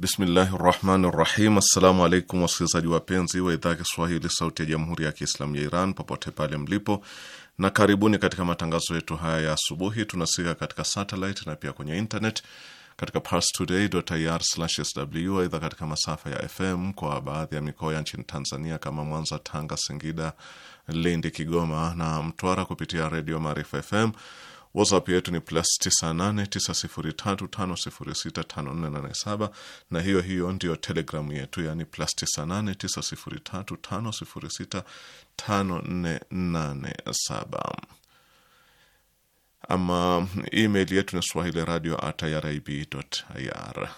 Bismillahi rahmani rahim. Assalamu alaikum wasikilizaji wapenzi wa idhaa ya Kiswahili sauti ya jamhuri ya Kiislamu ya Iran popote pale mlipo, na karibuni katika matangazo yetu haya ya asubuhi. Tunasikika katika satellite na pia kwenye internet katika parstoday.ir/sw. Aidha, katika masafa ya FM kwa baadhi ya mikoa ya nchini Tanzania kama Mwanza, Tanga, Singida, Lindi, Kigoma na Mtwara kupitia redio Maarifa FM WhatsApp yetu ni plus 989035065487 na hiyo hiyo ndiyo Telegramu yetu, yaani plus 989035065487. Ama email yetu ni swahili radio at irib.ir.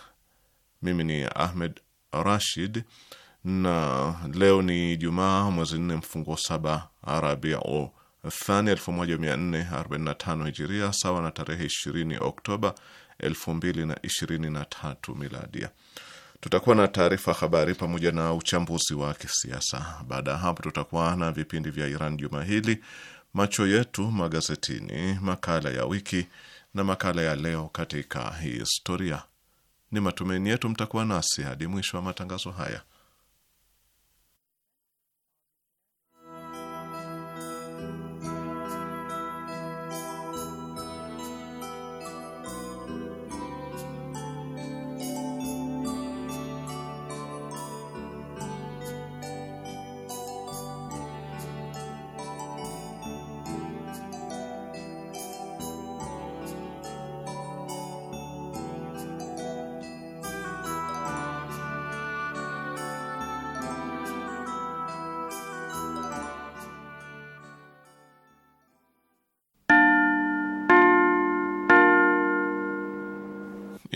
Mimi ni Ahmed Rashid na leo ni Jumaa, mwezi nne mfungo saba Arabia o thani 1445 hijiria sawa na tarehe 20 Oktoba 2023 miladia. Tutakuwa na taarifa habari pamoja na uchambuzi wa kisiasa. Baada ya hapo, tutakuwa na vipindi vya Iran juma hili, macho yetu magazetini, makala ya wiki na makala ya leo katika historia. Ni matumaini yetu mtakuwa nasi hadi mwisho wa matangazo haya.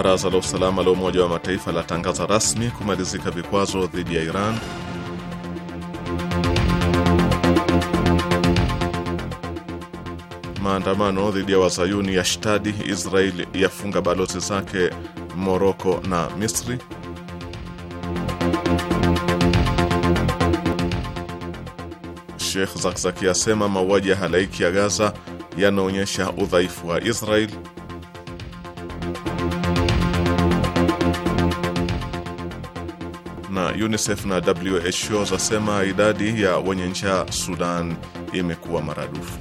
Baraza la Usalama la Umoja wa Mataifa latangaza rasmi kumalizika vikwazo dhidi ya Iran. Maandamano dhidi ya wazayuni ya shtadi. Israeli yafunga balozi zake Moroko na Misri. Sheikh Zakzaki asema mauaji ya halaiki ya Gaza yanaonyesha udhaifu wa Israeli. UNICEF na WHO zasema idadi ya wenye njaa Sudan imekuwa maradufu.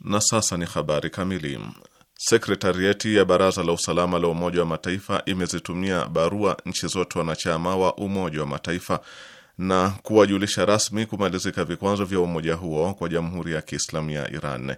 Na sasa ni habari kamili. Sekretarieti ya Baraza la Usalama la Umoja wa Mataifa imezitumia barua nchi zote wanachama wa Umoja wa Mataifa na kuwajulisha rasmi kumalizika vikwazo vya umoja huo kwa Jamhuri ya Kiislamu ya Iran.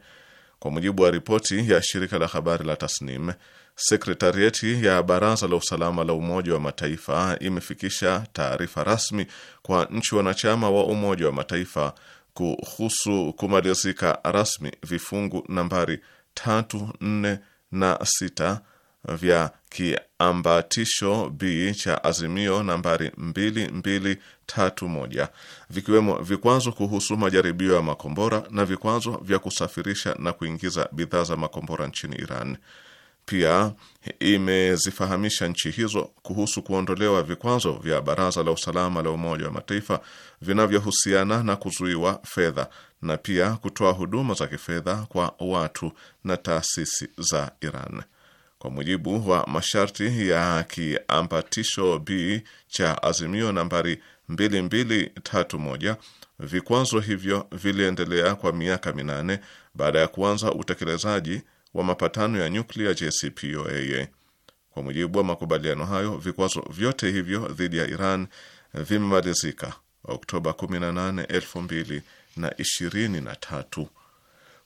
Kwa mujibu wa ripoti ya shirika la habari la Tasnim, sekretarieti ya baraza la usalama la Umoja wa Mataifa imefikisha taarifa rasmi kwa nchi wanachama wa Umoja wa Mataifa kuhusu kumalizika rasmi vifungu nambari tatu, nne na sita vya kiambatisho B cha azimio nambari 2231 vikiwemo vikwazo kuhusu majaribio ya makombora na vikwazo vya kusafirisha na kuingiza bidhaa za makombora nchini Iran. Pia imezifahamisha nchi hizo kuhusu kuondolewa vikwazo vya Baraza la Usalama la Umoja wa Mataifa vinavyohusiana na kuzuiwa fedha na pia kutoa huduma za kifedha kwa watu na taasisi za Iran. Kwa mujibu wa masharti ya kiambatisho B cha azimio nambari 2231, vikwazo hivyo viliendelea kwa miaka minane baada ya kuanza utekelezaji wa mapatano ya nyuklia JCPOA. Kwa mujibu wa makubaliano hayo, vikwazo vyote hivyo dhidi ya Iran vimemalizika Oktoba 18, 2023.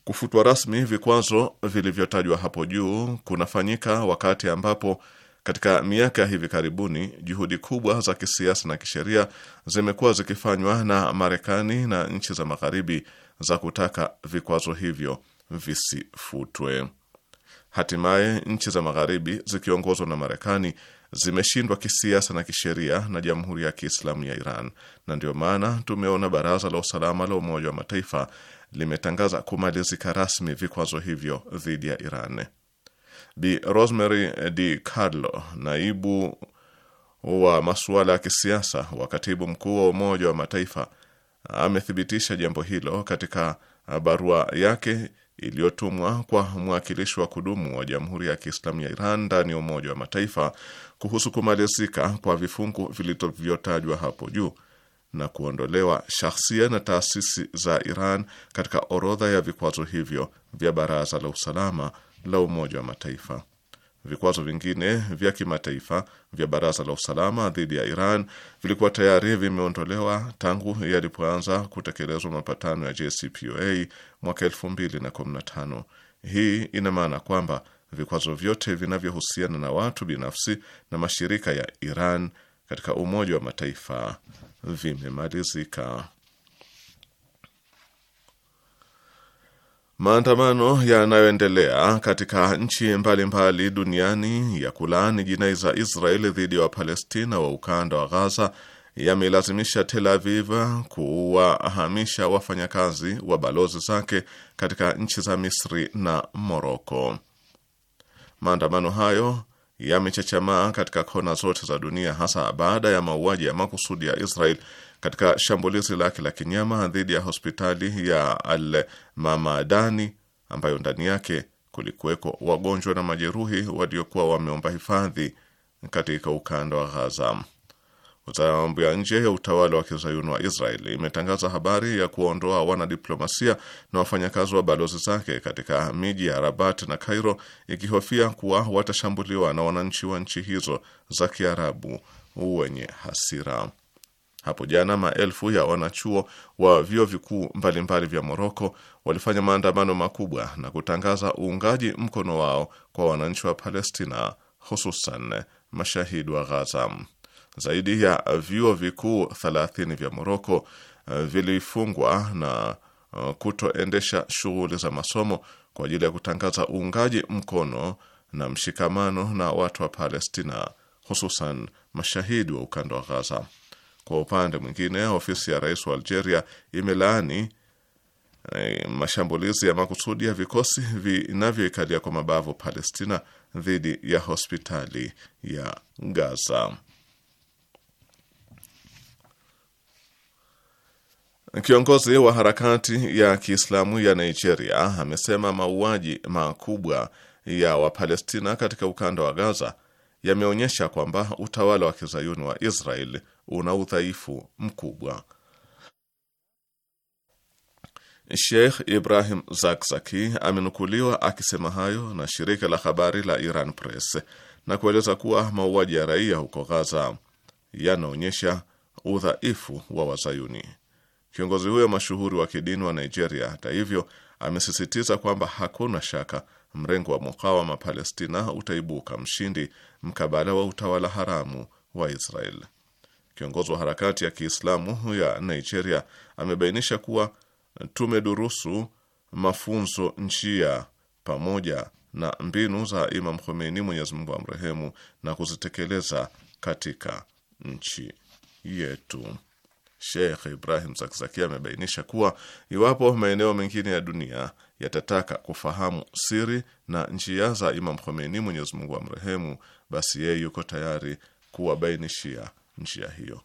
Kufutwa rasmi vikwazo vilivyotajwa hapo juu kunafanyika wakati ambapo katika miaka ya hivi karibuni juhudi kubwa za kisiasa na kisheria zimekuwa zikifanywa na Marekani na nchi za Magharibi za kutaka vikwazo hivyo visifutwe. Hatimaye nchi za Magharibi zikiongozwa na Marekani zimeshindwa kisiasa na kisheria na Jamhuri ya Kiislamu ya Iran, na ndiyo maana tumeona Baraza la Usalama la Umoja wa Mataifa limetangaza kumalizika rasmi vikwazo hivyo dhidi ya Iran. Bi Rosemary Di Carlo, naibu wa masuala ya kisiasa wa katibu mkuu wa Umoja wa Mataifa, amethibitisha jambo hilo katika barua yake iliyotumwa kwa mwakilishi wa kudumu wa Jamhuri ya Kiislamu ya Iran ndani ya Umoja wa Mataifa kuhusu kumalizika kwa vifungu vilivyotajwa hapo juu na kuondolewa shahsia na taasisi za Iran katika orodha ya vikwazo hivyo vya Baraza la Usalama la Umoja wa Mataifa. Vikwazo vingine vya kimataifa vya Baraza la Usalama dhidi ya Iran vilikuwa tayari vimeondolewa tangu yalipoanza kutekelezwa mapatano ya JCPOA mwaka 2015. Hii ina maana kwamba vikwazo vyote vinavyohusiana na watu binafsi na mashirika ya Iran katika Umoja wa Mataifa vimemalizika. Maandamano yanayoendelea katika nchi mbalimbali mbali duniani ya kulaani jinai za Israeli dhidi ya Wapalestina wa ukanda wa Ghaza yamelazimisha Tel Aviv kuwahamisha wafanyakazi wa balozi zake katika nchi za Misri na Moroko. Maandamano hayo yamechachamaa katika kona zote za dunia, hasa baada ya mauaji ya makusudi ya Israel katika shambulizi lake la kinyama dhidi ya hospitali ya Al Mamadani ambayo ndani yake kulikuweko wagonjwa na majeruhi waliokuwa wameomba hifadhi katika ukanda wa Ghaza. Wizara ya mambo ya nje ya utawala wa kizayuni wa israel imetangaza habari ya kuondoa wanadiplomasia na wafanyakazi wa balozi zake katika miji ya Rabat na Cairo, ikihofia kuwa watashambuliwa na wananchi wa nchi hizo za kiarabu wenye hasira. Hapo jana maelfu ya wanachuo wa vyuo vikuu mbalimbali vya Moroko walifanya maandamano makubwa na kutangaza uungaji mkono wao kwa wananchi wa Palestina, hususan mashahidi wa Ghaza. Zaidi ya vyuo vikuu 30 vya Moroko eh, vilifungwa na eh, kutoendesha shughuli za masomo kwa ajili ya kutangaza uungaji mkono na mshikamano na watu wa Palestina, hususan mashahidi wa ukanda wa Ghaza. Kwa upande mwingine, ofisi ya rais wa Algeria imelaani eh, mashambulizi ya makusudi ya vikosi vinavyoikalia kwa mabavu Palestina dhidi ya hospitali ya Gaza. Kiongozi wa harakati ya Kiislamu ya Nigeria amesema mauaji makubwa ya Wapalestina katika ukanda wa Gaza yameonyesha kwamba utawala wa kizayuni wa Israel una udhaifu mkubwa. Sheikh Ibrahim Zakzaki amenukuliwa akisema hayo na shirika la habari la Iran Press na kueleza kuwa mauaji ya raia huko Gaza yanaonyesha udhaifu wa wazayuni. Kiongozi huyo mashuhuri wa kidini wa Nigeria, hata hivyo, amesisitiza kwamba hakuna shaka mrengo wa mukawama Palestina utaibuka mshindi mkabala wa utawala haramu wa Israel. Kiongozi wa harakati ya Kiislamu ya Nigeria amebainisha kuwa tumedurusu mafunzo, njia pamoja na mbinu za Imam Khomeini, Mwenyezi Mungu amrehemu, na kuzitekeleza katika nchi yetu. Sheikh Ibrahim Zakzakia amebainisha kuwa iwapo maeneo mengine ya dunia yatataka kufahamu siri na njia za Imam Khomeini, Mwenyezi Mungu amrehemu, basi yeye yuko tayari kuwabainishia njia hiyo.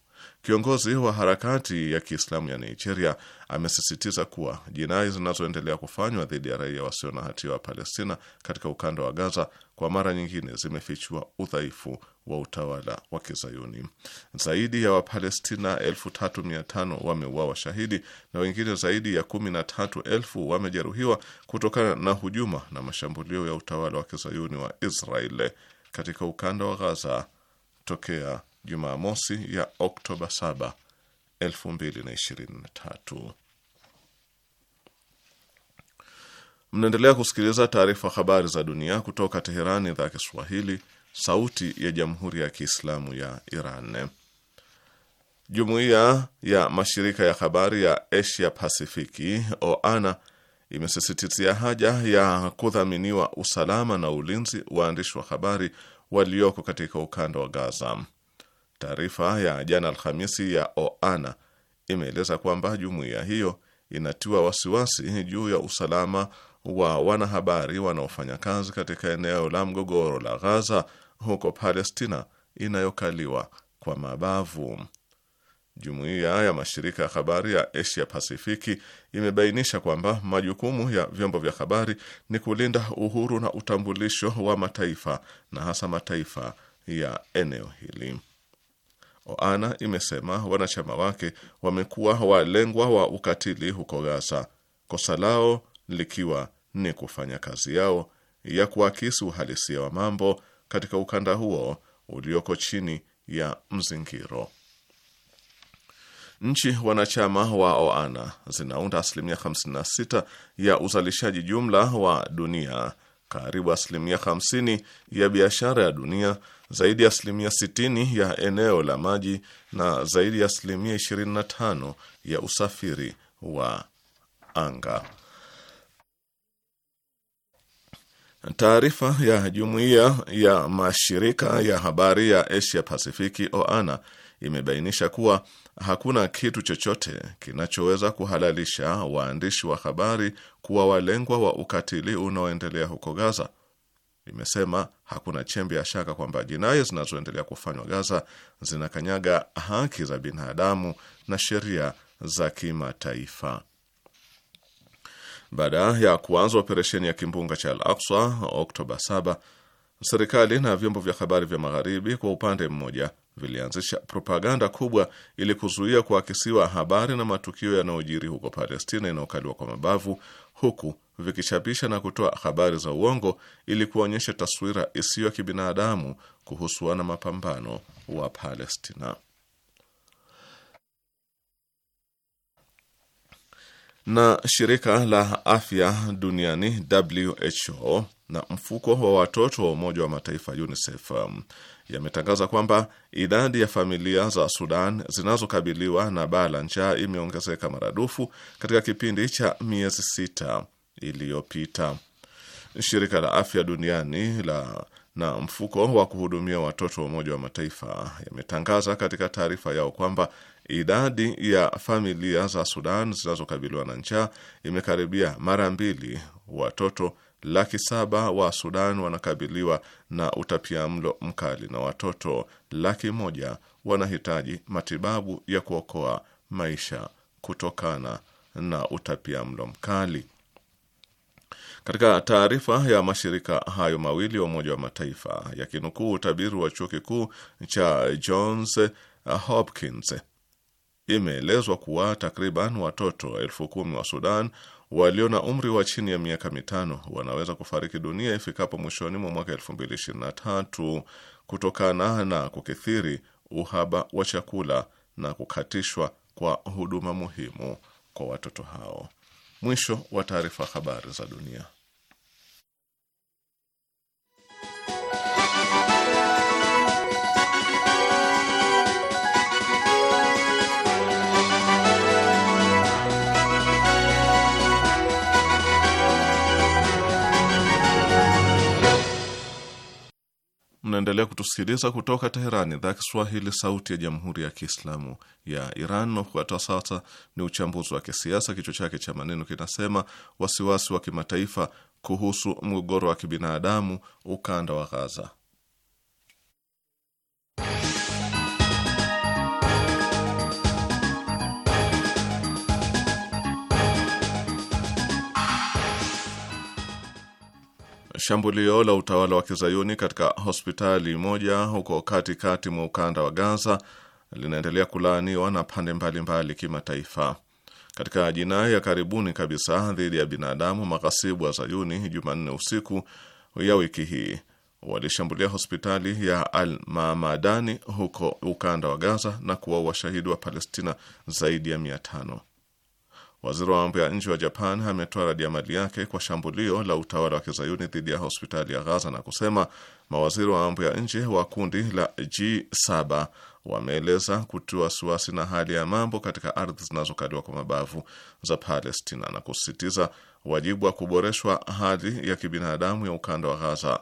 Kiongozi wa harakati ya Kiislamu ya Nigeria amesisitiza kuwa jinai zinazoendelea kufanywa dhidi ya raia wasio na hatia wa Palestina katika ukanda wa Gaza kwa mara nyingine zimefichua udhaifu wa utawala wa Kizayuni. Zaidi ya Wapalestina elfu tatu mia tano wameuawa shahidi na wengine zaidi ya kumi na tatu elfu wamejeruhiwa kutokana na hujuma na mashambulio ya utawala wa Kizayuni wa Israeli katika ukanda wa Gaza tokea Jumamosi ya Oktoba 7, 2023. Mnaendelea kusikiliza taarifa habari za dunia kutoka Teherani, idhaa ya Kiswahili, sauti ya jamhuri ya kiislamu ya Iran. Jumuiya ya mashirika ya habari ya Asia Pasifiki, OANA, imesisitizia haja ya kudhaminiwa usalama na ulinzi waandishi wa habari walioko katika ukanda wa Gaza. Taarifa ya jana Alhamisi ya OANA imeeleza kwamba jumuiya hiyo inatiwa wasiwasi juu ya usalama wa wanahabari wanaofanya kazi katika eneo la mgogoro la Ghaza huko Palestina inayokaliwa kwa mabavu. Jumuiya ya mashirika ya habari ya Asia Pasifiki imebainisha kwamba majukumu ya vyombo vya habari ni kulinda uhuru na utambulisho wa mataifa na hasa mataifa ya eneo hili. OANA imesema wanachama wake wamekuwa walengwa wa ukatili huko Gaza, kosa lao likiwa ni kufanya kazi yao ya kuakisi uhalisia wa mambo katika ukanda huo ulioko chini ya mzingiro. Nchi wanachama wa OANA zinaunda asilimia 56 ya uzalishaji jumla wa dunia karibu asilimia 50 ya biashara ya dunia, zaidi ya asilimia 60 ya eneo la maji na zaidi ya asilimia 25 ya usafiri wa anga. Taarifa ya jumuiya ya mashirika ya habari ya Asia Pasifiki, OANA, imebainisha kuwa hakuna kitu chochote kinachoweza kuhalalisha waandishi wa habari kuwa walengwa wa ukatili unaoendelea huko Gaza. imesema hakuna chembe ya shaka kwamba jinai zinazoendelea kufanywa Gaza zinakanyaga haki za binadamu na sheria za kimataifa. Baada ya kuanza operesheni ya kimbunga cha Al Aksa Oktoba 7 Serikali na vyombo vya habari vya Magharibi kwa upande mmoja vilianzisha propaganda kubwa ili kuzuia kuakisiwa habari na matukio yanayojiri huko Palestina inayokaliwa kwa mabavu, huku vikichapisha na kutoa habari za uongo ili kuonyesha taswira isiyo ya kibinadamu kuhusu wana mapambano wa Palestina. Na shirika la afya duniani WHO na mfuko wa watoto wa Umoja wa Mataifa UNICEF um, yametangaza kwamba idadi ya familia za Sudan zinazokabiliwa na baa la njaa imeongezeka maradufu katika kipindi cha miezi sita iliyopita. Shirika la Afya Duniani la na mfuko wa kuhudumia watoto wa Umoja wa Mataifa yametangaza katika taarifa yao kwamba idadi ya familia za Sudan zinazokabiliwa na njaa imekaribia mara mbili watoto laki saba wa Sudan wanakabiliwa na utapia mlo mkali na watoto laki moja wanahitaji matibabu ya kuokoa maisha kutokana na utapia mlo mkali. Katika taarifa ya mashirika hayo mawili ya Umoja wa Mataifa yakinukuu utabiri wa chuo kikuu cha Johns Hopkins imeelezwa kuwa takriban watoto elfu kumi wa Sudan walio na umri wa chini ya miaka mitano wanaweza kufariki dunia ifikapo mwishoni mwa mwaka 2023 kutokana na kukithiri uhaba wa chakula na kukatishwa kwa huduma muhimu kwa watoto hao. Mwisho wa taarifa. Habari za dunia. Mnaendelea kutusikiliza kutoka Teherani, idhaa Kiswahili, sauti ya jamhuri ya kiislamu ya Iran. Na sasa ni uchambuzi wa kisiasa, kichwa chake cha maneno kinasema wasiwasi wa kimataifa kuhusu mgogoro wa kibinadamu ukanda wa Ghaza. Shambulio la utawala wa kizayuni katika hospitali moja huko katikati mwa ukanda wa Gaza linaendelea kulaaniwa na pande mbalimbali kimataifa. Katika jinai ya karibuni kabisa dhidi ya binadamu, maghasibu wa zayuni Jumanne usiku ya wiki hii walishambulia hospitali ya Al-Mamadani huko ukanda wa Gaza na kuwaua washahidi wa Palestina zaidi ya mia tano. Waziri wa mambo ya nje wa Japan ametoa radiamali yake kwa shambulio la utawala wa kizayuni dhidi ya hospitali ya Gaza na kusema mawaziri wa mambo ya nje wa kundi la G7 wameeleza kutia wasiwasi na hali ya mambo katika ardhi zinazokaliwa kwa mabavu za Palestina na kusisitiza wajibu wa kuboreshwa hali ya kibinadamu ya ukanda wa Gaza.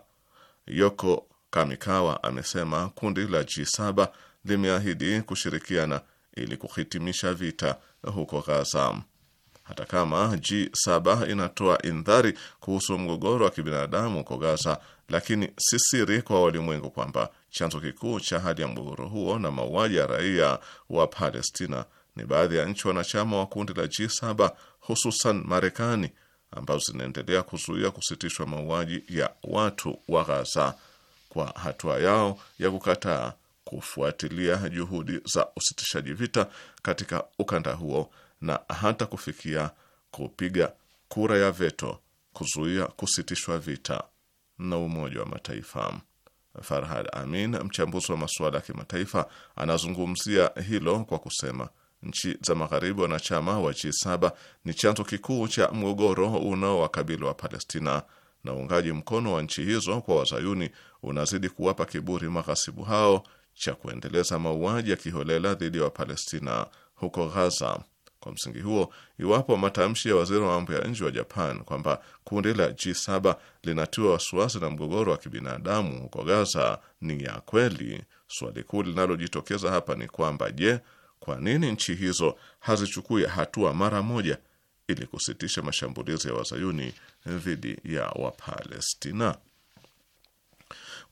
Yoko Kamikawa amesema kundi la G7 limeahidi kushirikiana ili kuhitimisha vita huko Gaza hata kama G7 inatoa indhari kuhusu mgogoro wa kibinadamu huko Gaza, lakini si siri kwa walimwengu kwamba chanzo kikuu cha hali ya mgogoro huo na mauaji ya raia wa Palestina ni baadhi ya nchi wanachama wa kundi la G7 hususan Marekani ambazo zinaendelea kuzuia kusitishwa mauaji ya watu wa Gaza kwa hatua yao ya kukataa kufuatilia juhudi za usitishaji vita katika ukanda huo na hata kufikia kupiga kura ya veto kuzuia kusitishwa vita na Umoja wa Mataifa. Farhad Amin, mchambuzi wa masuala ya kimataifa, anazungumzia hilo kwa kusema nchi za magharibi wanachama wa G7 ni chanzo kikuu cha mgogoro unaowakabili wa Palestina, na uungaji mkono wa nchi hizo kwa wazayuni unazidi kuwapa kiburi maghasibu hao cha kuendeleza mauaji ya kiholela dhidi ya Wapalestina huko Ghaza kwa msingi huo, iwapo matamshi ya waziri wa mambo ya nje wa Japan kwamba kundi la G7 linatiwa wasiwasi na mgogoro wa kibinadamu huko Gaza ni ya kweli, swali kuu linalojitokeza hapa ni kwamba je, kwa nini nchi hizo hazichukui hatua mara moja ili kusitisha mashambulizi ya wazayuni dhidi ya Wapalestina?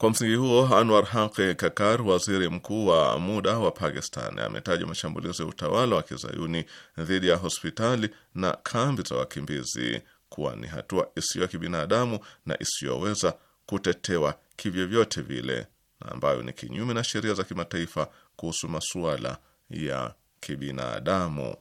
Kwa msingi huo, Anwar Haq Kakar, waziri mkuu wa muda wa Pakistan, ametaja mashambulizi ya utawala wa kizayuni dhidi ya hospitali na kambi za wakimbizi kuwa ni hatua isiyo ya kibinadamu na isiyoweza kutetewa kivyovyote vile na ambayo ni kinyume na sheria za kimataifa kuhusu masuala ya kibinadamu.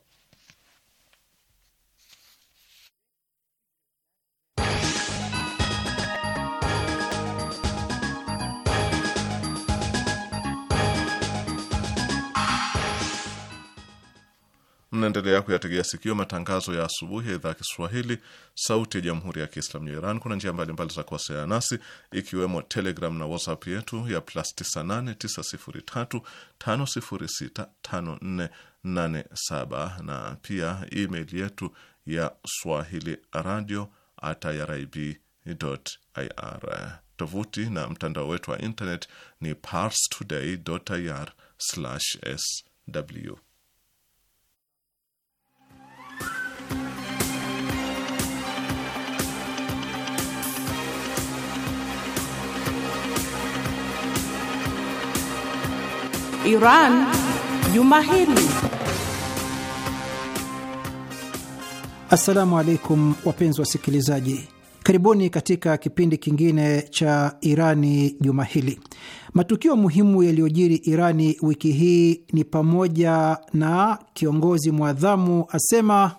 Mnaendelea kuyategea sikio matangazo ya asubuhi ya idhaa Kiswahili, sauti ya jamhuri ya kiislamu ya Iran. Kuna njia mbalimbali za kuwasiliana nasi, ikiwemo Telegram na WhatsApp yetu ya plus 989035065487 na pia email yetu ya swahili radio at irib ir. Tovuti na mtandao wetu wa internet ni parstoday ir sw Iran juma hili. Assalamu alaikum wapenzi wasikilizaji, karibuni katika kipindi kingine cha Irani juma hili. Matukio muhimu yaliyojiri Irani wiki hii ni pamoja na kiongozi mwadhamu asema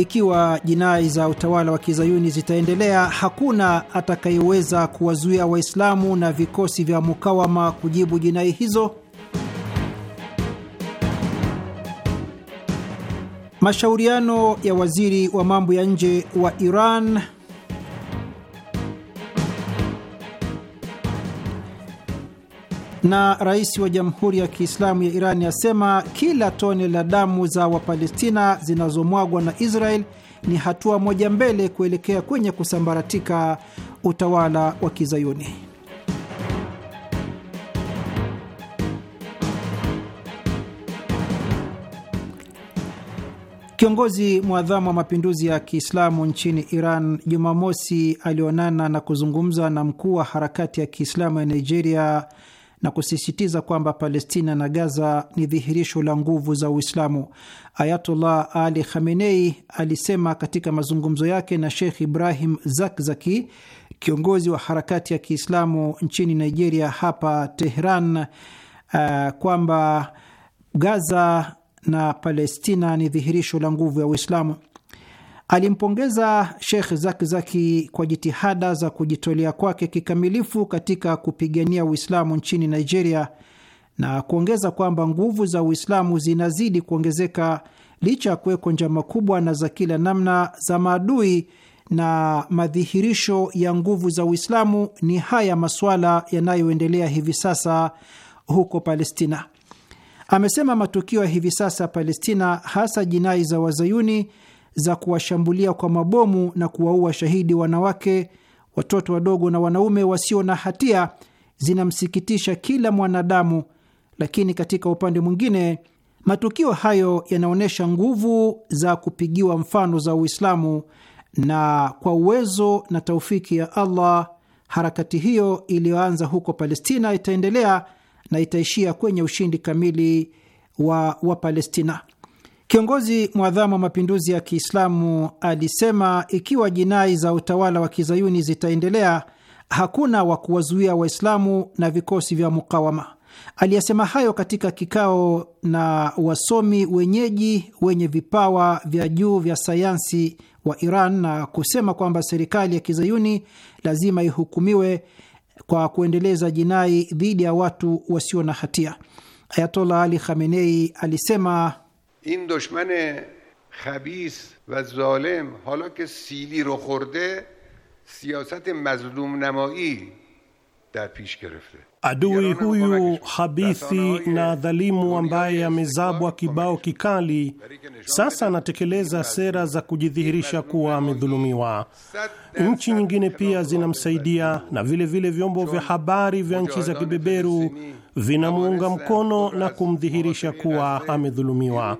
Ikiwa jinai za utawala wa kizayuni zitaendelea, hakuna atakayeweza kuwazuia Waislamu na vikosi vya mukawama kujibu jinai hizo. Mashauriano ya waziri wa mambo ya nje wa Iran na rais wa Jamhuri ya Kiislamu ya Irani asema kila tone la damu za Wapalestina zinazomwagwa na Israel ni hatua moja mbele kuelekea kwenye kusambaratika utawala wa Kizayuni. Kiongozi mwadhamu wa mapinduzi ya Kiislamu nchini Iran Jumamosi alionana na kuzungumza na mkuu wa harakati ya Kiislamu ya Nigeria na kusisitiza kwamba Palestina na Gaza ni dhihirisho la nguvu za Uislamu. Ayatullah Ali Khamenei alisema katika mazungumzo yake na Sheikh Ibrahim Zakzaki, kiongozi wa harakati ya Kiislamu nchini Nigeria, hapa Tehran, uh, kwamba Gaza na Palestina ni dhihirisho la nguvu ya Uislamu. Alimpongeza Sheikh Zakzaki kwa jitihada za kujitolea kwake kikamilifu katika kupigania Uislamu nchini Nigeria na kuongeza kwamba nguvu za Uislamu zinazidi kuongezeka licha ya kuwekwa njama kubwa na za kila namna za maadui, na madhihirisho ya nguvu za Uislamu ni haya masuala yanayoendelea hivi sasa huko Palestina. Amesema matukio ya hivi sasa Palestina, hasa jinai za Wazayuni za kuwashambulia kwa mabomu na kuwaua shahidi wanawake, watoto wadogo na wanaume wasio na hatia zinamsikitisha kila mwanadamu, lakini katika upande mwingine matukio hayo yanaonyesha nguvu za kupigiwa mfano za Uislamu, na kwa uwezo na taufiki ya Allah harakati hiyo iliyoanza huko Palestina itaendelea na itaishia kwenye ushindi kamili wa Wapalestina. Kiongozi mwadhamu wa mapinduzi ya Kiislamu alisema ikiwa jinai za utawala wa kizayuni zitaendelea, hakuna wa kuwazuia Waislamu na vikosi vya mukawama. Aliyasema hayo katika kikao na wasomi wenyeji wenye vipawa vya juu vya sayansi wa Iran na kusema kwamba serikali ya kizayuni lazima ihukumiwe kwa kuendeleza jinai dhidi ya watu wasio na hatia. Ayatollah Ali Khamenei alisema این دشمن خبیس و ظالم حالا که سیلی رو خورده سیاست مظلوم نمایی در پیش گرفته Adui huyu habithi na dhalimu ambaye amezabwa kibao kikali, sasa anatekeleza sera za kujidhihirisha kuwa amedhulumiwa. Nchi nyingine pia zinamsaidia na vilevile vile vyombo vya habari vya nchi za kibeberu vinamuunga mkono na kumdhihirisha kuwa amedhulumiwa.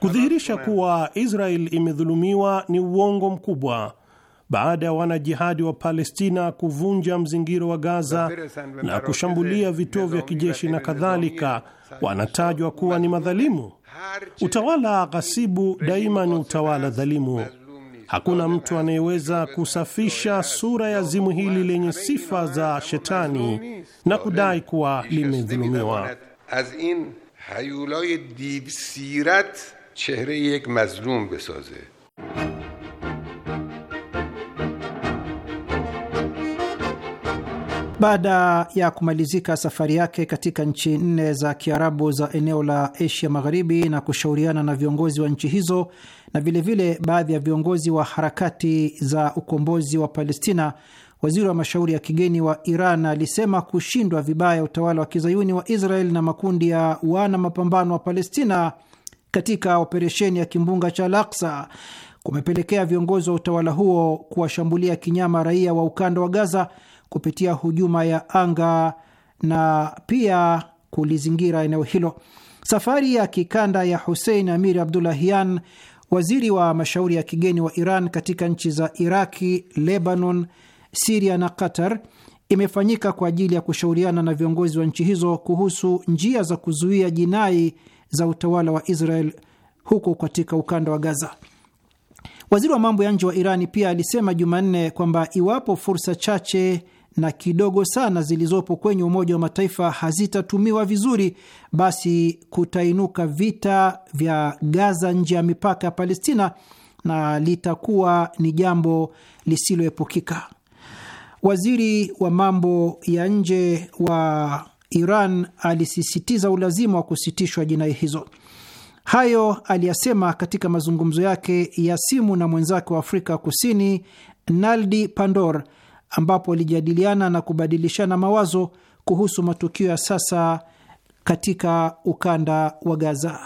Kudhihirisha kuwa Israel imedhulumiwa ni uongo mkubwa. Baada ya wanajihadi wa Palestina kuvunja mzingiro wa Gaza na kushambulia vituo vya kijeshi na kadhalika, wanatajwa kuwa ni madhalimu. Utawala ghasibu daima ni utawala dhalimu. Hakuna mtu anayeweza kusafisha sura ya zimu hili lenye sifa za shetani na kudai kuwa limedhulumiwa. Baada ya kumalizika safari yake katika nchi nne za Kiarabu za eneo la Asia Magharibi na kushauriana na viongozi wa nchi hizo, na vilevile vile baadhi ya viongozi wa harakati za ukombozi wa Palestina. Waziri wa mashauri ya kigeni wa Iran alisema kushindwa vibaya utawala wa kizayuni wa Israel na makundi ya wana mapambano wa Palestina katika operesheni ya kimbunga cha Al-Aqsa kumepelekea viongozi wa utawala huo kuwashambulia kinyama raia wa ukanda wa Gaza kupitia hujuma ya anga na pia kulizingira eneo hilo. Safari ya kikanda ya Hussein Amir Abdulahian Waziri wa mashauri ya kigeni wa Iran katika nchi za Iraki, Lebanon, Siria na Qatar imefanyika kwa ajili ya kushauriana na viongozi wa nchi hizo kuhusu njia za kuzuia jinai za utawala wa Israel huko katika ukanda wa Gaza. Waziri wa mambo ya nje wa Irani pia alisema Jumanne kwamba iwapo fursa chache na kidogo sana zilizopo kwenye Umoja wa Mataifa hazitatumiwa vizuri, basi kutainuka vita vya Gaza nje ya mipaka ya Palestina na litakuwa ni jambo lisiloepukika. Waziri wa mambo ya nje wa Iran alisisitiza ulazima wa kusitishwa jinai hizo. Hayo aliyasema katika mazungumzo yake ya simu na mwenzake wa Afrika Kusini Naldi Pandor ambapo walijadiliana na kubadilishana mawazo kuhusu matukio ya sasa katika ukanda wa Gaza.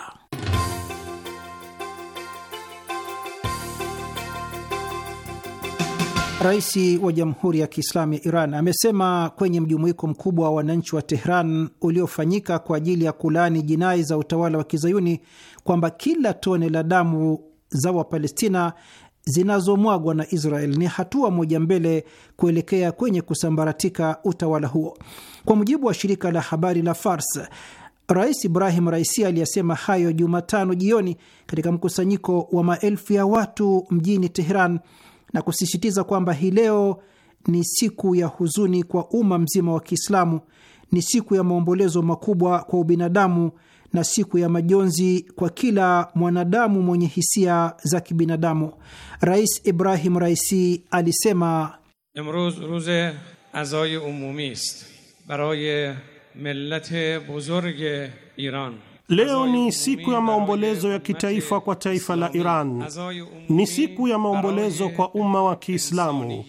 Rais wa Jamhuri ya Kiislamu ya Iran amesema kwenye mjumuiko mkubwa wa wananchi wa Tehran uliofanyika kwa ajili ya kulaani jinai za utawala wa kizayuni kwamba kila tone la damu za Wapalestina zinazomwagwa na Israel ni hatua moja mbele kuelekea kwenye kusambaratika utawala huo. Kwa mujibu wa shirika la habari la Fars, Rais Ibrahim Raisi aliyesema hayo Jumatano jioni katika mkusanyiko wa maelfu ya watu mjini Teheran na kusisitiza kwamba hii leo ni siku ya huzuni kwa umma mzima wa Kiislamu, ni siku ya maombolezo makubwa kwa ubinadamu na siku ya majonzi kwa kila mwanadamu mwenye hisia za kibinadamu. Rais Ibrahim Raisi alisema, imruz ruze azay umumi ist baraye millat buzurg Iran Leo ni siku ya maombolezo ya kitaifa kwa taifa la Iran, ni siku ya maombolezo kwa umma wa Kiislamu,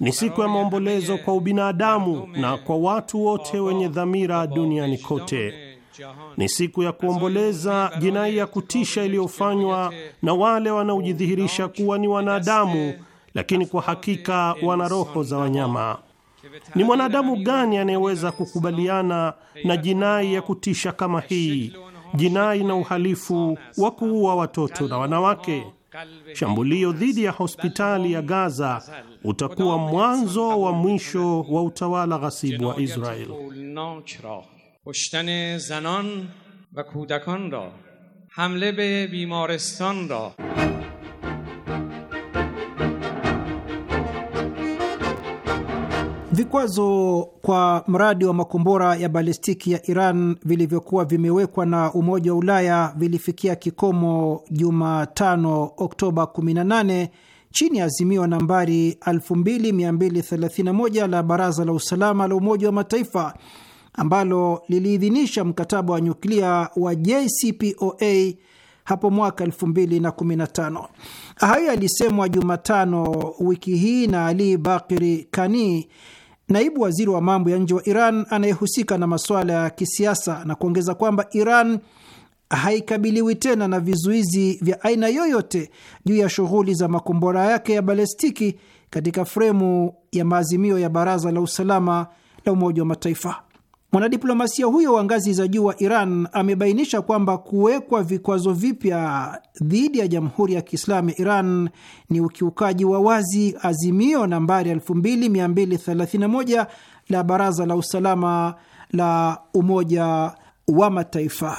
ni siku ya maombolezo kwa ubinadamu na kwa watu wote wenye dhamira duniani kote ni siku ya kuomboleza jinai ya kutisha iliyofanywa na wale wanaojidhihirisha kuwa ni wanadamu, lakini kwa hakika wana roho za wanyama. Ni mwanadamu gani anayeweza kukubaliana na jinai ya kutisha kama hii, jinai na uhalifu wa kuua watoto na wanawake? Shambulio dhidi ya hospitali ya Gaza utakuwa mwanzo wa mwisho wa utawala ghasibu wa Israeli. کشتن زنان و کودکان را حمله به بیمارستان را Vikwazo kwa mradi wa makombora ya balistiki ya Iran vilivyokuwa vimewekwa na Umoja wa Ulaya vilifikia kikomo Jumatano, Oktoba 18 chini ya azimio nambari 2231 la Baraza la Usalama la Umoja wa Mataifa ambalo liliidhinisha mkataba wa nyuklia wa JCPOA hapo mwaka 2015. Hayo yalisemwa Jumatano wiki hii na Ali Bakiri Kani, naibu waziri wa mambo ya nje wa Iran anayehusika na masuala ya kisiasa, na kuongeza kwamba Iran haikabiliwi tena na vizuizi vya aina yoyote juu ya shughuli za makombora yake ya balestiki katika fremu ya maazimio ya Baraza la Usalama la Umoja wa Mataifa. Mwanadiplomasia huyo wa ngazi za juu wa Iran amebainisha kwamba kuwekwa vikwazo vipya dhidi ya Jamhuri ya Kiislamu ya Iran ni ukiukaji wa wazi azimio nambari 2231 la Baraza la Usalama la Umoja wa Mataifa.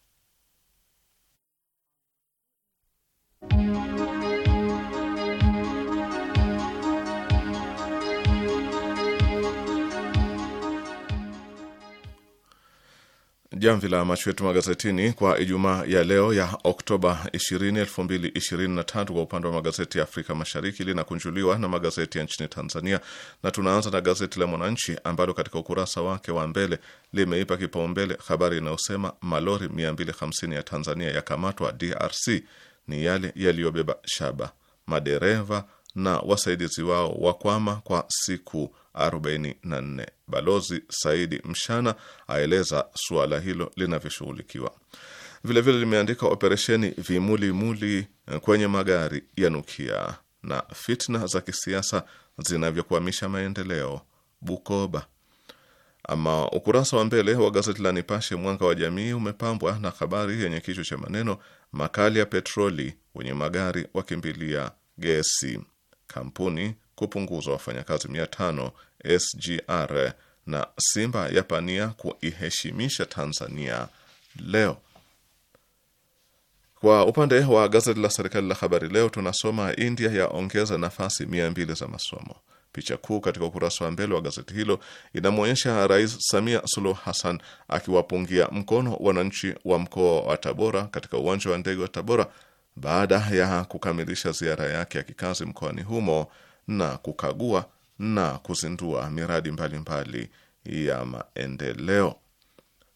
jamvi la macho yetu magazetini kwa Ijumaa ya leo ya Oktoba 20, 2023. Kwa upande wa magazeti ya Afrika Mashariki linakunjuliwa na magazeti ya nchini Tanzania, na tunaanza na gazeti la Mwananchi ambalo katika ukurasa wake wa mbele limeipa kipaumbele habari inayosema malori 250 ya Tanzania yakamatwa DRC, ni yale yaliyobeba shaba, madereva na wasaidizi wao wakwama kwa siku 44. Balozi Saidi Mshana aeleza suala hilo linavyoshughulikiwa. Vilevile limeandika operesheni vimulimuli kwenye magari ya nukia na fitna za kisiasa zinavyokwamisha maendeleo Bukoba. Ama ukurasa wa mbele wa gazeti la Nipashe Mwanga wa Jamii umepambwa na habari yenye kichwa cha maneno makali ya petroli wenye magari wakimbilia gesi, kampuni kupunguzwa wafanyakazi mia tano SGR na Simba yapania kuiheshimisha Tanzania leo. Kwa upande wa gazeti la serikali la Habari Leo tunasoma India yaongeza nafasi mia mbili za masomo. Picha kuu katika ukurasa wa mbele wa gazeti hilo inamwonyesha Rais Samia Suluhu Hassan akiwapungia mkono wananchi wa mkoa wa Tabora katika uwanja wa ndege wa Tabora baada ya kukamilisha ziara yake ya kikazi mkoani humo na kukagua na kuzindua miradi mbalimbali mbali ya maendeleo.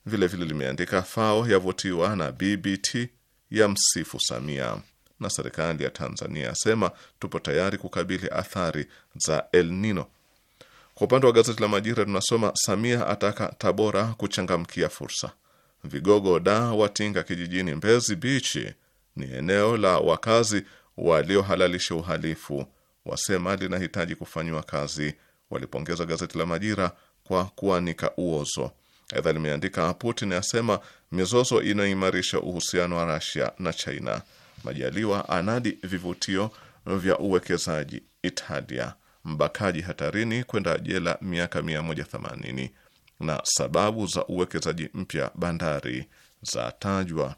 Vilevile limeandika FAO yavutiwa na BBT ya msifu Samia, na serikali ya Tanzania asema tupo tayari kukabili athari za El Nino. Kwa upande wa gazeti la Majira tunasoma Samia ataka Tabora kuchangamkia fursa, vigogo da watinga kijijini Mbezi Bichi ni eneo la wakazi waliohalalisha uhalifu wasema linahitaji kufanyiwa kazi. Walipongeza gazeti la Majira kwa kuanika uozo. Aidha limeandika Putin asema mizozo inaimarisha uhusiano wa rusia na China. Majaliwa anadi vivutio vya uwekezaji Italia. Mbakaji hatarini kwenda jela miaka 180 na sababu za uwekezaji mpya bandari za tajwa.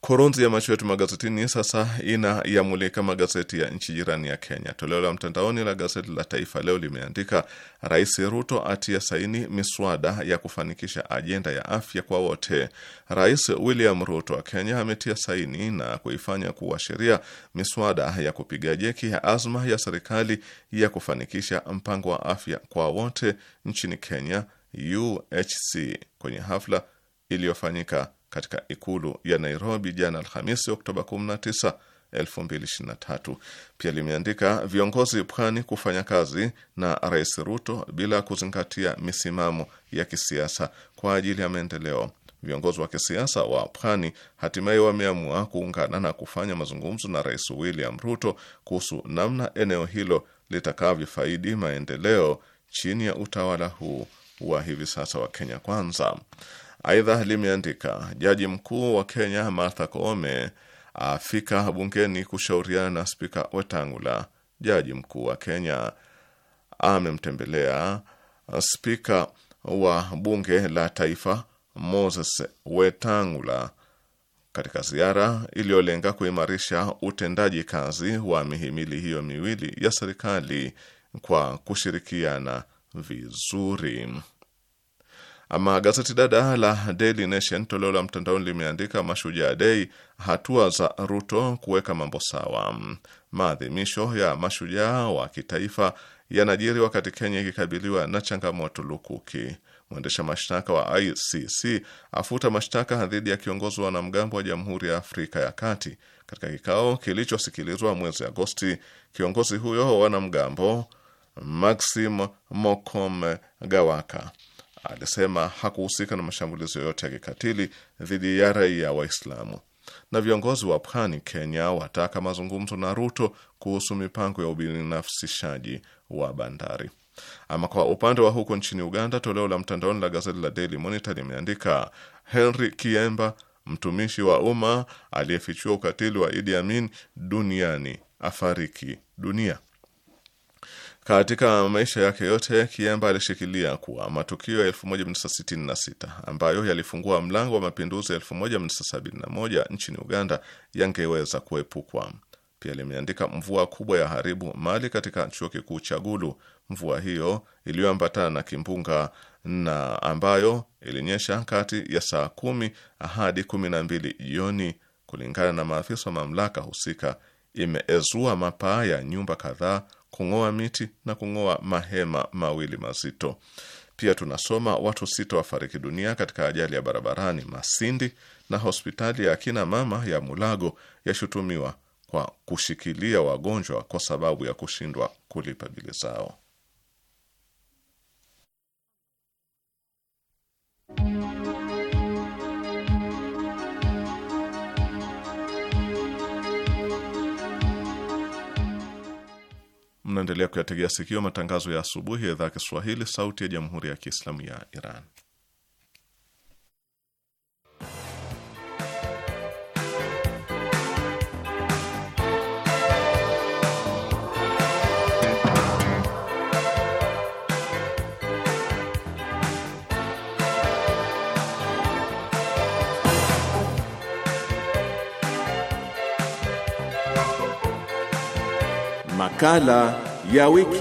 Kurunzi ya macho yetu magazetini sasa ina yamulika magazeti ya nchi jirani ya Kenya. Toleo la mtandaoni la gazeti la Taifa Leo limeandika Rais Ruto atia saini miswada ya kufanikisha ajenda ya afya kwa wote. Rais William Ruto wa Kenya ametia saini na kuifanya kuwa sheria miswada ya kupiga jeki ya azma ya serikali ya kufanikisha mpango wa afya kwa wote nchini Kenya, UHC, kwenye hafla iliyofanyika katika ikulu ya Nairobi jana Alhamisi, Oktoba 19, 2023. Pia limeandika viongozi pwani kufanya kazi na Rais Ruto bila kuzingatia misimamo ya kisiasa kwa ajili ya maendeleo. Viongozi wa kisiasa wa pwani hatimaye wameamua kuungana na kufanya mazungumzo na Rais William Ruto kuhusu namna eneo hilo litakavyofaidi maendeleo chini ya utawala huu wa hivi sasa wa Kenya Kwanza. Aidha limeandika jaji mkuu wa Kenya Martha Koome afika bungeni kushauriana na spika Wetangula. Jaji mkuu wa Kenya amemtembelea uh, spika wa bunge la taifa Moses Wetangula katika ziara iliyolenga kuimarisha utendaji kazi wa mihimili hiyo miwili ya serikali kwa kushirikiana vizuri. Ama gazeti dada la Daily Nation toleo la mtandaoni limeandika Mashujaa Dei, hatua za Ruto kuweka mambo sawa. Maadhimisho ya mashujaa wa kitaifa yanajiri wakati Kenya ikikabiliwa na changamoto lukuki. Mwendesha mashtaka wa ICC afuta mashtaka dhidi ya kiongozi wa wanamgambo wa Jamhuri ya Afrika ya Kati. Katika kikao kilichosikilizwa mwezi Agosti, kiongozi huyo wa wanamgambo Maxim Mokome Gawaka alisema hakuhusika na mashambulizi yoyote ya kikatili dhidi ya raia Waislamu. Na viongozi wa pwani Kenya wataka mazungumzo na Ruto kuhusu mipango ya ubinafsishaji wa bandari. Ama kwa upande wa huko nchini Uganda, toleo la mtandaoni la gazeti la Daily Monitor limeandika Henry Kiemba, mtumishi wa umma aliyefichua ukatili wa Idi Amin duniani afariki dunia. Katika maisha yake yote Kiemba alishikilia kuwa matukio ya 1966 ambayo yalifungua mlango wa mapinduzi ya 1971 nchini Uganda yangeweza kuepukwa. Pia limeandika mvua kubwa ya haribu mali katika chuo kikuu cha Gulu. Mvua hiyo iliyoambatana na kimbunga na ambayo ilinyesha kati ya saa kumi hadi kumi na mbili jioni, kulingana na maafisa wa mamlaka husika, imeezua mapaa ya nyumba kadhaa kung'oa miti na kung'oa mahema mawili mazito. Pia tunasoma watu sita wafariki dunia katika ajali ya barabarani Masindi, na hospitali ya akina mama ya Mulago yashutumiwa kwa kushikilia wagonjwa kwa sababu ya kushindwa kulipa bili zao. Mnaendelea kuyategea sikio matangazo ya asubuhi ya idhaa ya Kiswahili, sauti ya jamhuri ya kiislamu ya Iran. Makala ya wiki.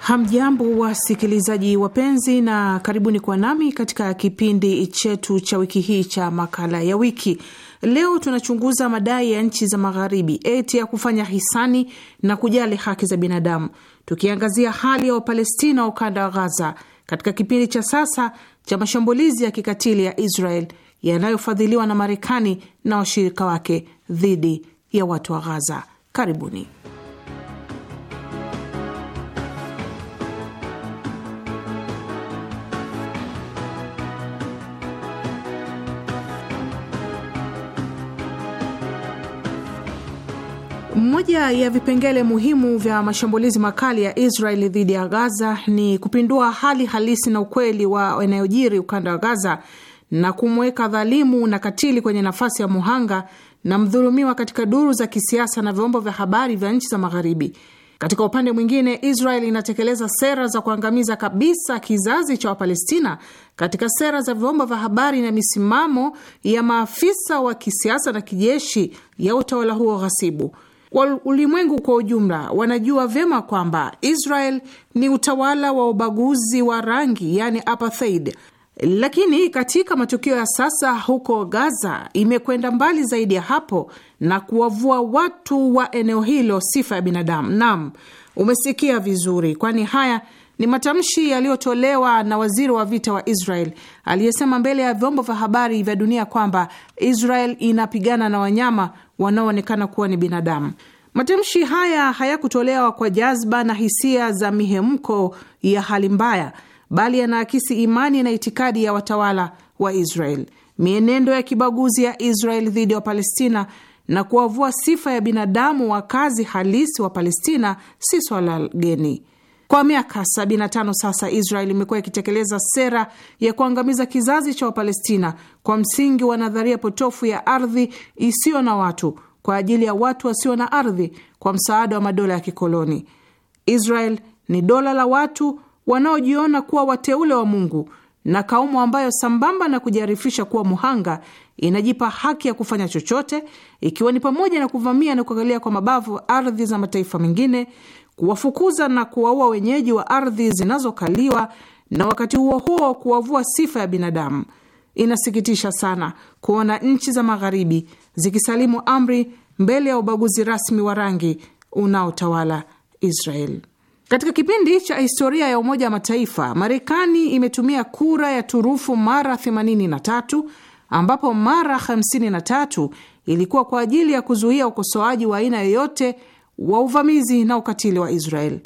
Hamjambo, wasikilizaji wapenzi, na karibuni kwa nami katika kipindi chetu cha wiki hii cha makala ya wiki. Leo tunachunguza madai ya nchi za magharibi eti ya kufanya hisani na kujali haki za binadamu, tukiangazia hali ya Wapalestina wa ukanda wa Ghaza katika kipindi cha sasa cha mashambulizi ya kikatili ya Israel yanayofadhiliwa na Marekani na washirika wake dhidi ya watu wa Ghaza. Karibuni. Moja ya vipengele muhimu vya mashambulizi makali ya Israeli dhidi ya Gaza ni kupindua hali halisi na ukweli wa yanayojiri ukanda wa Gaza na kumweka dhalimu na katili kwenye nafasi ya muhanga na mdhulumiwa katika duru za kisiasa na vyombo vya habari vya nchi za Magharibi. Katika upande mwingine, Israel inatekeleza sera za kuangamiza kabisa kizazi cha Wapalestina katika sera za vyombo vya habari na misimamo ya maafisa wa kisiasa na kijeshi ya utawala huo ghasibu wa ulimwengu kwa ujumla wanajua vyema kwamba Israel ni utawala wa ubaguzi wa rangi, yani apartheid. Lakini katika matukio ya sasa huko Gaza imekwenda mbali zaidi ya hapo na kuwavua watu wa eneo hilo sifa ya binadamu. Naam, umesikia vizuri, kwani haya ni matamshi yaliyotolewa na waziri wa vita wa Israel aliyesema mbele ya vyombo vya habari vya dunia kwamba Israel inapigana na wanyama wanaoonekana kuwa ni binadamu. Matamshi haya hayakutolewa kwa jazba na hisia za mihemko ya hali mbaya, bali yanaakisi imani na itikadi ya watawala wa Israel. Mienendo ya kibaguzi ya Israel dhidi ya Wapalestina na kuwavua sifa ya binadamu wakazi halisi wa Palestina si swala geni. Kwa miaka 75 sasa Israel imekuwa ikitekeleza sera ya kuangamiza kizazi cha Wapalestina kwa msingi wa nadharia potofu ya ardhi isiyo na watu kwa ajili ya watu wasio na ardhi kwa msaada wa madola ya kikoloni. Israel ni dola la watu wanaojiona kuwa wateule wa Mungu na kaumu ambayo sambamba na kujiarifisha kuwa muhanga inajipa haki ya kufanya chochote, ikiwa ni pamoja na kuvamia na kuangalia kwa mabavu ardhi za mataifa mengine, kuwafukuza na kuwaua wenyeji wa ardhi zinazokaliwa na wakati huo huo kuwavua sifa ya binadamu. Inasikitisha sana kuona nchi za Magharibi zikisalimu amri mbele ya ubaguzi rasmi wa rangi unaotawala Israel. Katika kipindi cha historia ya Umoja wa Mataifa, Marekani imetumia kura ya turufu mara 83 ambapo mara 53 ilikuwa kwa ajili ya kuzuia ukosoaji wa aina yoyote wa uvamizi na ukatili wa Israel.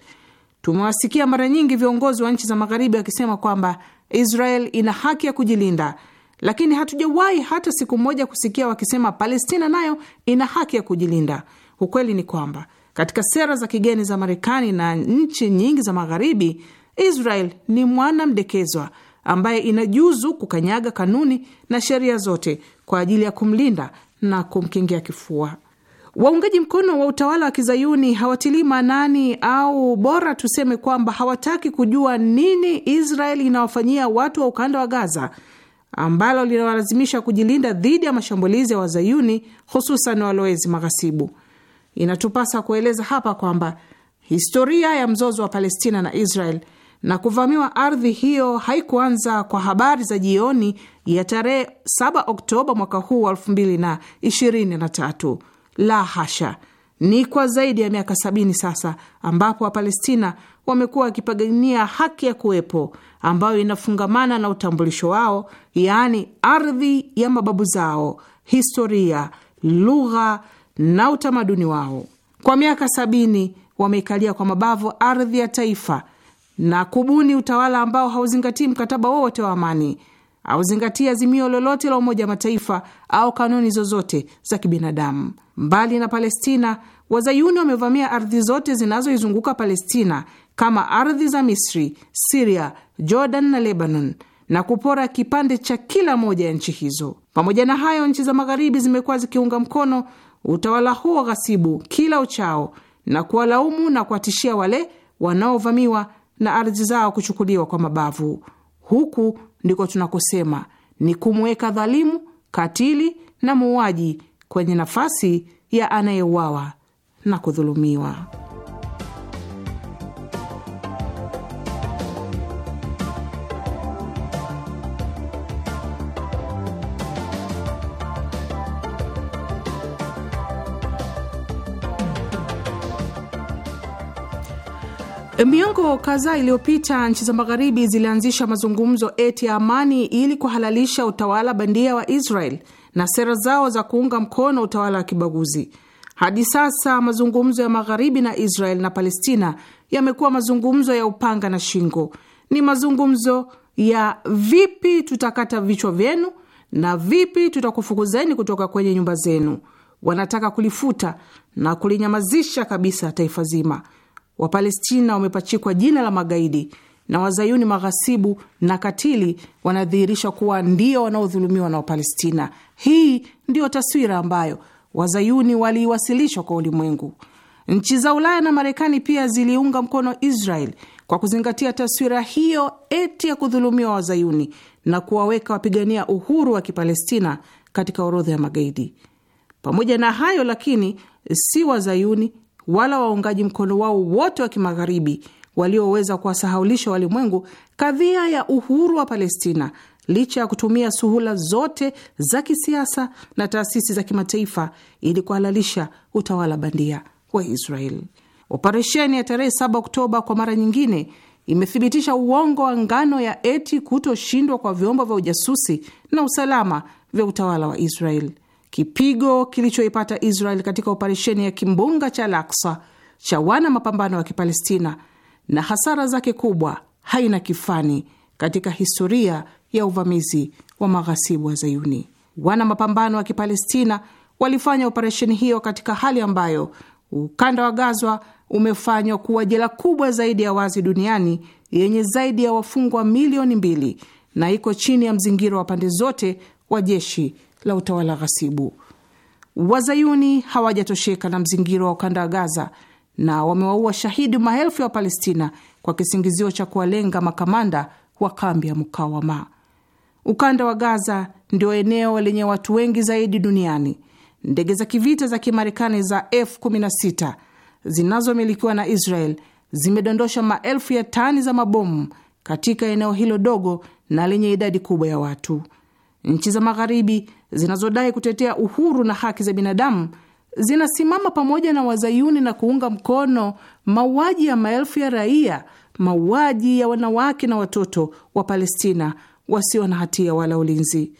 Tumewasikia mara nyingi viongozi wa nchi za magharibi wakisema kwamba Israel ina haki ya kujilinda, lakini hatujawahi hata siku moja kusikia wakisema Palestina nayo ina haki ya kujilinda. Ukweli ni kwamba katika sera za kigeni za Marekani na nchi nyingi za magharibi, Israel ni mwana mdekezwa ambaye inajuzu kukanyaga kanuni na sheria zote kwa ajili ya kumlinda na kumkingia kifua. Waungaji mkono wa utawala wa kizayuni hawatilii maanani au bora tuseme kwamba hawataki kujua nini Israeli inawafanyia watu wa ukanda wa Gaza, ambalo linawalazimisha kujilinda dhidi ya mashambulizi ya wazayuni, hususan walowezi maghasibu. Inatupasa kueleza hapa kwamba historia ya mzozo wa Palestina na Israel na kuvamiwa ardhi hiyo haikuanza kwa habari za jioni ya tarehe 7 Oktoba mwaka huu wa 2023. La hasha! Ni kwa zaidi ya miaka sabini sasa ambapo Wapalestina wamekuwa wakipigania haki ya kuwepo ambayo inafungamana na utambulisho wao, yaani ardhi ya mababu zao, historia, lugha na utamaduni wao. Kwa miaka sabini wameikalia kwa mabavu ardhi ya taifa na kubuni utawala ambao hauzingatii mkataba wowote wa amani auzingatii azimio lolote la Umoja wa Mataifa au kanuni zozote za kibinadamu. Mbali na Palestina, Wazayuni wamevamia ardhi zote zinazoizunguka Palestina kama ardhi za Misri, Siria, Jordan na Lebanon na kupora kipande cha kila moja ya nchi hizo. Pamoja na hayo, nchi za Magharibi zimekuwa zikiunga mkono utawala huo ghasibu kila uchao na kuwalaumu na kuwatishia wale wanaovamiwa na ardhi zao kuchukuliwa kwa mabavu, huku ndiko tunakosema ni kumweka dhalimu, katili na muuaji kwenye nafasi ya anayeuawa na kudhulumiwa. E, miongo kadhaa iliyopita nchi za magharibi zilianzisha mazungumzo eti ya amani ili kuhalalisha utawala bandia wa Israel na sera zao za kuunga mkono utawala wa kibaguzi. Hadi sasa mazungumzo ya magharibi na Israel na Palestina yamekuwa mazungumzo ya upanga na shingo. Ni mazungumzo ya vipi tutakata vichwa vyenu na vipi tutakufukuzeni kutoka kwenye nyumba zenu. Wanataka kulifuta na kulinyamazisha kabisa taifa zima. Wapalestina wamepachikwa jina la magaidi na wazayuni maghasibu na katili wanadhihirisha kuwa ndio wanaodhulumiwa na Wapalestina. Hii ndiyo taswira ambayo wazayuni waliiwasilishwa kwa ulimwengu. Nchi za Ulaya na Marekani pia ziliunga mkono Israel kwa kuzingatia taswira hiyo eti ya kudhulumiwa wazayuni na kuwaweka wapigania uhuru wa Kipalestina katika orodha ya magaidi. Pamoja na hayo lakini, si wazayuni wala waungaji mkono wao wote wa kimagharibi walioweza kuwasahaulisha walimwengu kadhia ya uhuru wa Palestina licha ya kutumia suhula zote za kisiasa na taasisi za kimataifa ili kuhalalisha utawala bandia wa Israeli. Operesheni ya tarehe 7 Oktoba kwa mara nyingine imethibitisha uongo wa ngano ya eti kutoshindwa kwa vyombo vya ujasusi na usalama vya utawala wa Israeli. Kipigo kilichoipata Israel katika operesheni ya kimbunga cha Al-Aqsa cha wana mapambano wa Kipalestina na hasara zake kubwa haina kifani katika historia ya uvamizi wa maghasibu wa Zayuni. Wana mapambano wa Kipalestina walifanya operesheni hiyo katika hali ambayo ukanda wa Gazwa umefanywa kuwa jela kubwa zaidi ya wazi duniani yenye zaidi ya wafungwa milioni mbili na iko chini ya mzingiro wa pande zote wa jeshi la utawala ghasibu. Wazayuni hawajatosheka na mzingiro wa ukanda wa Gaza na wamewaua shahidi maelfu ya Wapalestina kwa kisingizio cha kuwalenga makamanda wa kambi ya Mukawama. Ukanda wa Gaza ndio eneo lenye watu wengi zaidi duniani. Ndege za kivita za Kimarekani za F16 zinazomilikiwa na Israel zimedondosha maelfu ya tani za mabomu katika eneo hilo dogo na lenye idadi kubwa ya watu. Nchi za Magharibi zinazodai kutetea uhuru na haki za binadamu zinasimama pamoja na wazayuni na kuunga mkono mauaji ya maelfu ya raia, mauaji ya wanawake na watoto wa Palestina wasio na hatia wala ulinzi.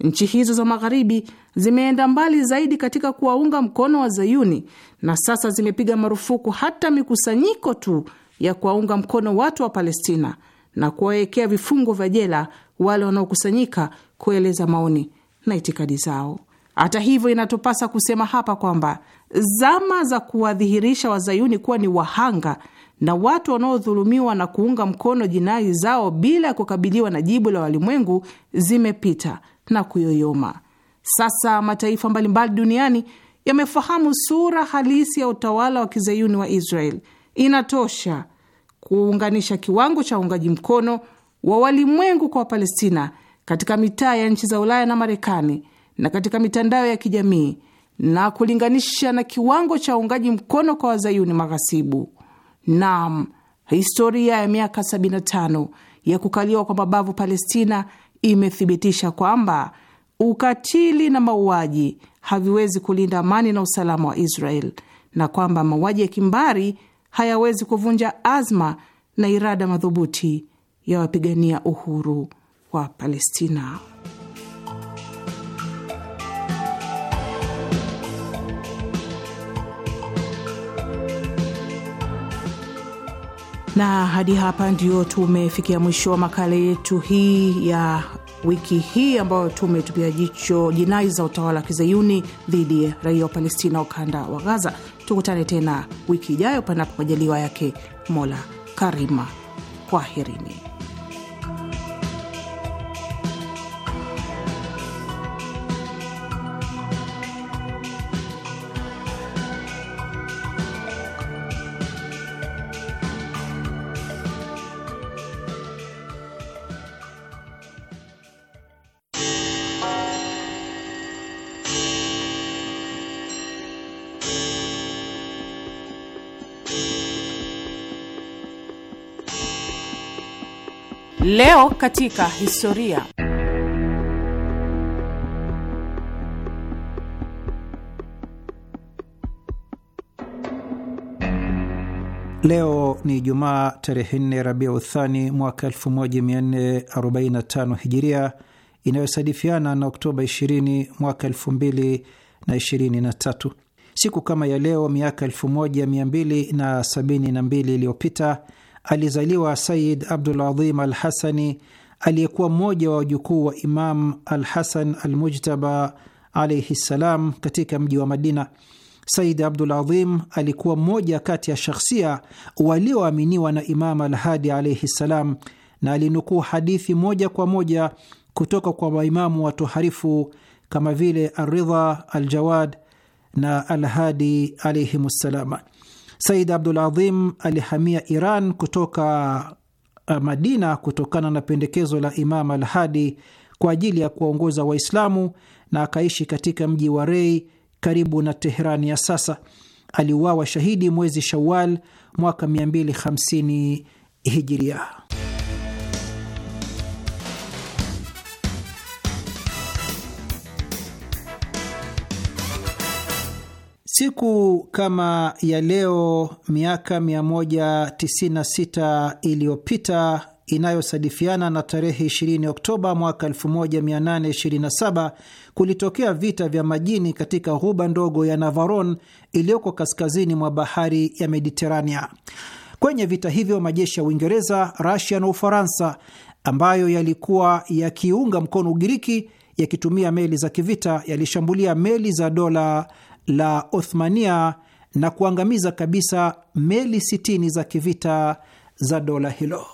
Nchi hizo za Magharibi zimeenda mbali zaidi katika kuwaunga mkono wazayuni na sasa zimepiga marufuku hata mikusanyiko tu ya kuwaunga mkono watu wa Palestina na kuwawekea vifungo vya jela wale wanaokusanyika kueleza maoni na itikadi zao. Hata hivyo, inatupasa kusema hapa kwamba zama za kuwadhihirisha wazayuni kuwa ni wahanga na watu wanaodhulumiwa na kuunga mkono jinai zao bila ya kukabiliwa na jibu la walimwengu zimepita na kuyoyoma. Sasa mataifa mbalimbali duniani yamefahamu sura halisi ya utawala wa kizayuni wa Israel. Inatosha kuunganisha kiwango cha uungaji mkono wa walimwengu kwa Wapalestina katika mitaa ya nchi za Ulaya na Marekani na katika mitandao ya kijamii na kulinganisha na kiwango cha uungaji mkono kwa wazayuni maghasibu. Naam, historia ya miaka 75 ya kukaliwa kwa mabavu Palestina imethibitisha kwamba ukatili na mauaji haviwezi kulinda amani na usalama wa Israel na kwamba mauaji ya kimbari hayawezi kuvunja azma na irada madhubuti ya wapigania uhuru kwa Palestina. Na hadi hapa ndio tumefikia mwisho wa makala yetu hii ya wiki hii ambayo tumetupia jicho jinai za utawala wa kizayuni dhidi ya raia wa Palestina ukanda wa Gaza. Tukutane tena wiki ijayo, panapo majaliwa yake Mola Karima. Kwaherini. Leo katika historia. Leo ni Jumaa tarehe nne rabia uthani mwaka 1445 Hijiria, inayosadifiana na Oktoba 20 mwaka 2023. Siku kama ya leo miaka 1272 iliyopita alizaliwa Sayid Abdulazim al Hasani aliyekuwa mmoja wa wajukuu wa Imam al Hasan al Mujtaba alaihi ssalam katika mji wa Madina. sayid Abdul Adhim alikuwa mmoja kati ya shakhsia walioaminiwa na Imam Alhadi alaihi ssalam, na alinukuu hadithi moja kwa moja kutoka kwa maimamu watoharifu kama vile Aridha, Aljawad na Alhadi alaihimu ssalama. Said abdul adhim alihamia Iran kutoka eh, Madina kutokana na pendekezo la Imam al Hadi kwa ajili ya kuwaongoza Waislamu na akaishi katika mji wa Rei karibu na Teherani ya sasa. Aliuawa shahidi mwezi Shawal mwaka 250 Hijiria. Siku kama ya leo miaka 196 iliyopita inayosadifiana na tarehe 20 Oktoba mwaka 1827 kulitokea vita vya majini katika ghuba ndogo ya Navaron iliyoko kaskazini mwa bahari ya Mediterania. Kwenye vita hivyo majeshi ya Uingereza, Rasia na Ufaransa ambayo yalikuwa yakiunga mkono Ugiriki yakitumia meli za kivita yalishambulia meli za dola la Othmania na kuangamiza kabisa meli 60 za kivita za dola hilo.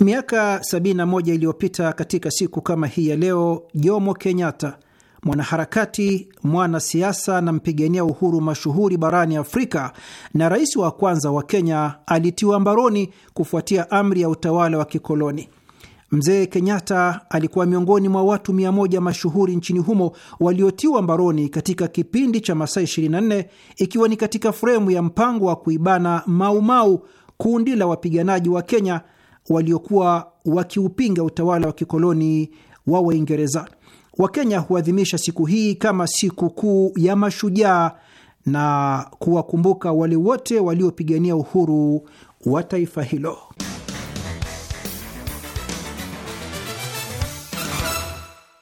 Miaka 71 iliyopita katika siku kama hii ya leo, Jomo Kenyatta, mwanaharakati, mwanasiasa na mpigania uhuru mashuhuri barani Afrika na rais wa kwanza wa Kenya, alitiwa mbaroni kufuatia amri ya utawala wa kikoloni. Mzee Kenyatta alikuwa miongoni mwa watu mia moja mashuhuri nchini humo waliotiwa mbaroni katika kipindi cha masaa 24 ikiwa ni katika fremu ya mpango wa kuibana Maumau, kundi la wapiganaji wa Kenya waliokuwa wakiupinga utawala wa kikoloni wa Waingereza. Wakenya huadhimisha siku hii kama siku kuu ya mashujaa na kuwakumbuka wale wote waliopigania uhuru wa taifa hilo.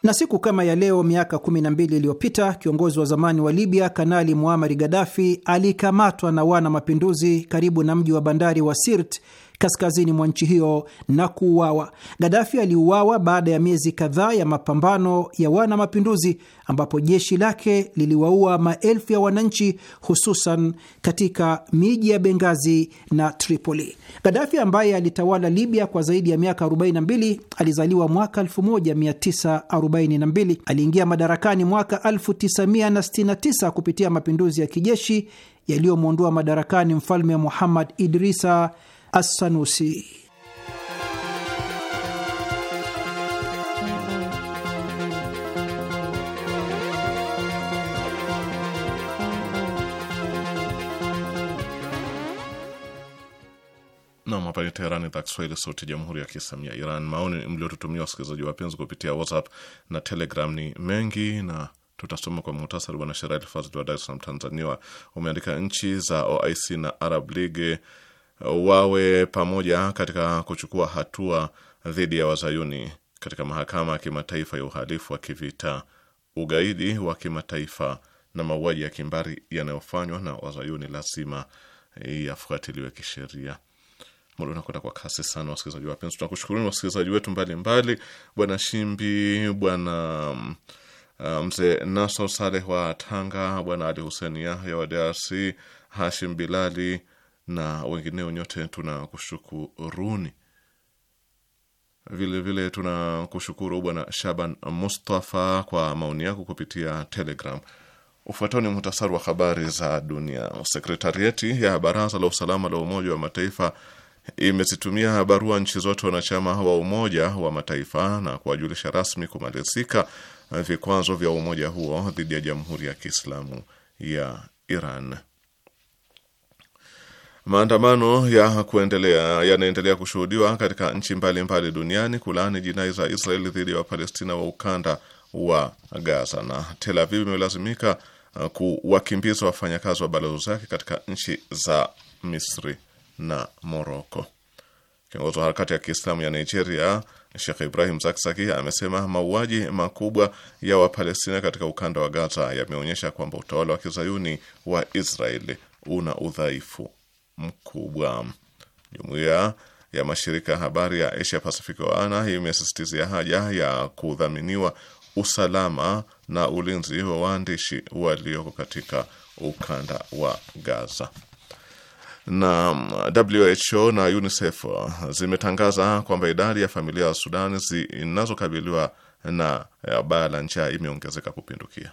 Na siku kama ya leo miaka 12 iliyopita kiongozi wa zamani wa Libya Kanali Muamari Gadafi alikamatwa na wana mapinduzi karibu na mji wa bandari wa Sirt kaskazini mwa nchi hiyo na kuuawa. Gadafi aliuawa baada ya miezi kadhaa ya mapambano ya wana mapinduzi, ambapo jeshi lake liliwaua maelfu ya wananchi, hususan katika miji ya Bengazi na Tripoli. Gadafi ambaye alitawala Libya kwa zaidi ya miaka 42 alizaliwa mwaka 1942. Aliingia madarakani mwaka 1969 kupitia mapinduzi ya kijeshi yaliyomwondoa madarakani mfalme Muhammad Idrisa Assanusi. hapa ni Teherani, idhaa Kiswahili, sauti ya jamhuri ya kiislamia ya Iran. Maoni mliotutumia wasikilizaji wapenzi kupitia WhatsApp na Telegram ni mengi na tutasoma kwa muhtasari. Bwana Shera Elfazli wa Dar es Salaam, Tanzania, umeandika nchi za OIC na Arab League wawe pamoja katika kuchukua hatua dhidi ya wazayuni katika mahakama ya kimataifa ya uhalifu wa kivita, ugaidi wa kimataifa na mauaji ya kimbari yanayofanywa na wazayuni lazima yafuatiliwe kisheria. Muda unakwenda kwa kasi sana, wasikilizaji wapenzi. Tunakushukuruni wasikilizaji wetu mbalimbali, Bwana Shimbi, Bwana uh, mzee naso Saleh wa Tanga, Bwana Ali Huseni Yahya wa DRC, Hashim Bilali na wengineo nyote tunakushukuruni. Vilevile tunakushukuru Bwana Shaban Mustafa kwa maoni yako kupitia Telegram. Ufuatao ni muhtasari wa habari za dunia. Sekretarieti ya Baraza la Usalama la Umoja wa Mataifa imezitumia barua nchi zote wanachama wa Umoja wa Mataifa na kuwajulisha rasmi kumalizika vikwazo vya umoja huo dhidi ya Jamhuri ya Kiislamu ya Iran. Maandamano ya kuendelea yanaendelea kushuhudiwa katika nchi mbalimbali duniani kulaani jinai za Israeli dhidi ya Wapalestina wa ukanda wa Gaza, na Tel Aviv imelazimika uh, kuwakimbiza wafanyakazi wa balozi zake katika nchi za Misri na Moroko. Kiongozi wa harakati ya Kiislamu ya Nigeria Shekh Ibrahim Zakzaki amesema mauaji makubwa ya Wapalestina katika ukanda wa Gaza yameonyesha kwamba utawala wa kizayuni wa Israeli una udhaifu mkubwa. Jumuiya ya mashirika ya habari ya Asia Pacific OANA imesisitizia haja ya kudhaminiwa usalama na ulinzi wa waandishi walioko katika ukanda wa Gaza. Na WHO na UNICEF zimetangaza kwamba idadi ya familia za Sudani zinazokabiliwa na eh, baa la njaa imeongezeka kupindukia